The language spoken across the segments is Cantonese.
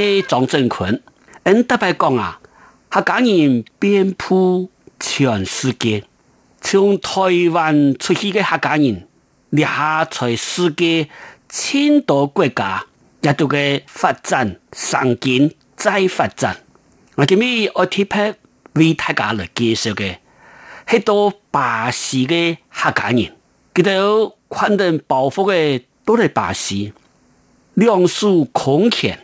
喺張正坤，我特別講啊，客家人遍布全世界，從台灣出去嘅客家人，而家在世界千多國家一度嘅發展、生根、再發展。今我今日我特別為大家來介紹嘅，喺到巴西嘅客家人，佢哋可能暴富嘅都係巴西，兩手空拳。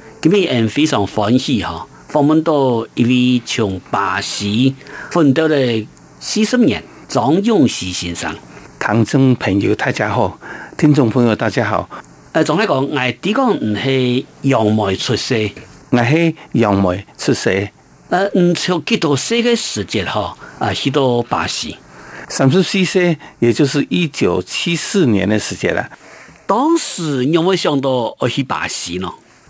今咁樣，非常歡喜嗬！訪問到一位從巴西奮鬥咗四十年，張永西先生。聽眾朋友大家好，聽眾朋友大家好。誒，仲係講，我點講唔係楊梅出世，我係楊梅出世。嗯、啊，從幾多歲的時間時間哈？啊，去到巴西，三十四歲，也就是一九七四年的時間啦。當時有冇想到我去巴西呢？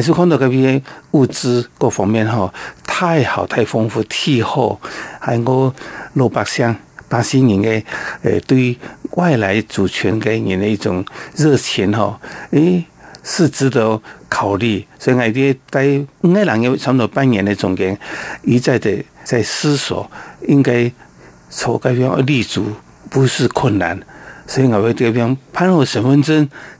是看到嗰邊嘅物資各方面嗬，太好太豐富，氣候還有老百姓巴西人嘅，誒、欸，對外來主權嘅人嘅一種熱情嗬，誒、欸，是值得考慮。所以我啲在五個人嘅差唔多半年嘅中間，一再地在思索，應該喺嗰邊立足，不是困難。所以我會喺嗰邊攞身份證。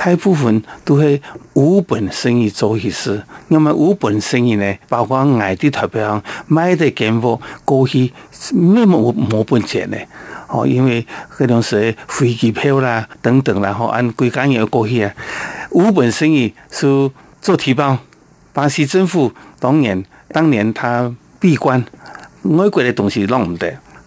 大部分都係無本生意，做一些事，那麼無本生意呢，包括外地投標賣的更多，過去是沒有本錢的，哦，因為嗰陣時飛機票啦等等，然後按規定要過去啊，無本生意是做提包。巴西政府當年，當年他閉關，外國的東西攞唔得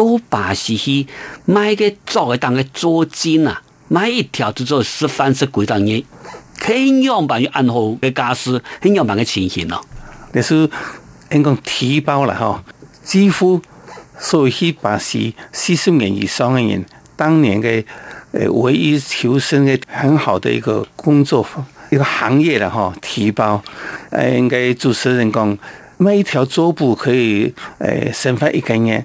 都巴西去賣個做個當個租金啊！買一條就做十番式幾檔嘢，很樣板又很好嘅家私，很樣板嘅情形咯。那是應該提包了哈，幾乎所以去巴西四十美以上的人，當年的誒、呃，唯一求生的很好的一個工作一個行業了哈。提包誒、呃，應該主持人講，買一條桌布可以呃省翻一根煙。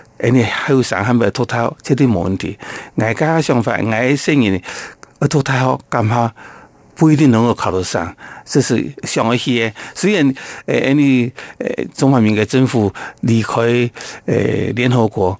誒你後生喺埋讀大學，絕對冇問題。外界嘅想法，外界嘅青年，讀大學，恐怕不一定能夠考到上。這是上一時嘅，雖然誒，你、欸、誒、欸，中華民國政府離開，誒、欸，聯合國。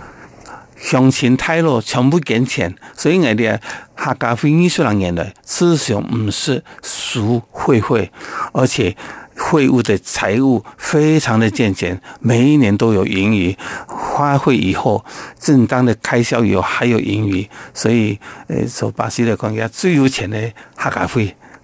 鄉親太多，從不減錢，所以我哋客家會藝術人員呢，思想唔係收會費，而且會務的財務非常的健全，每一年都有盈餘，花費以後正當的開銷以後還有盈餘，所以呃說巴西的國家最有錢的客家會。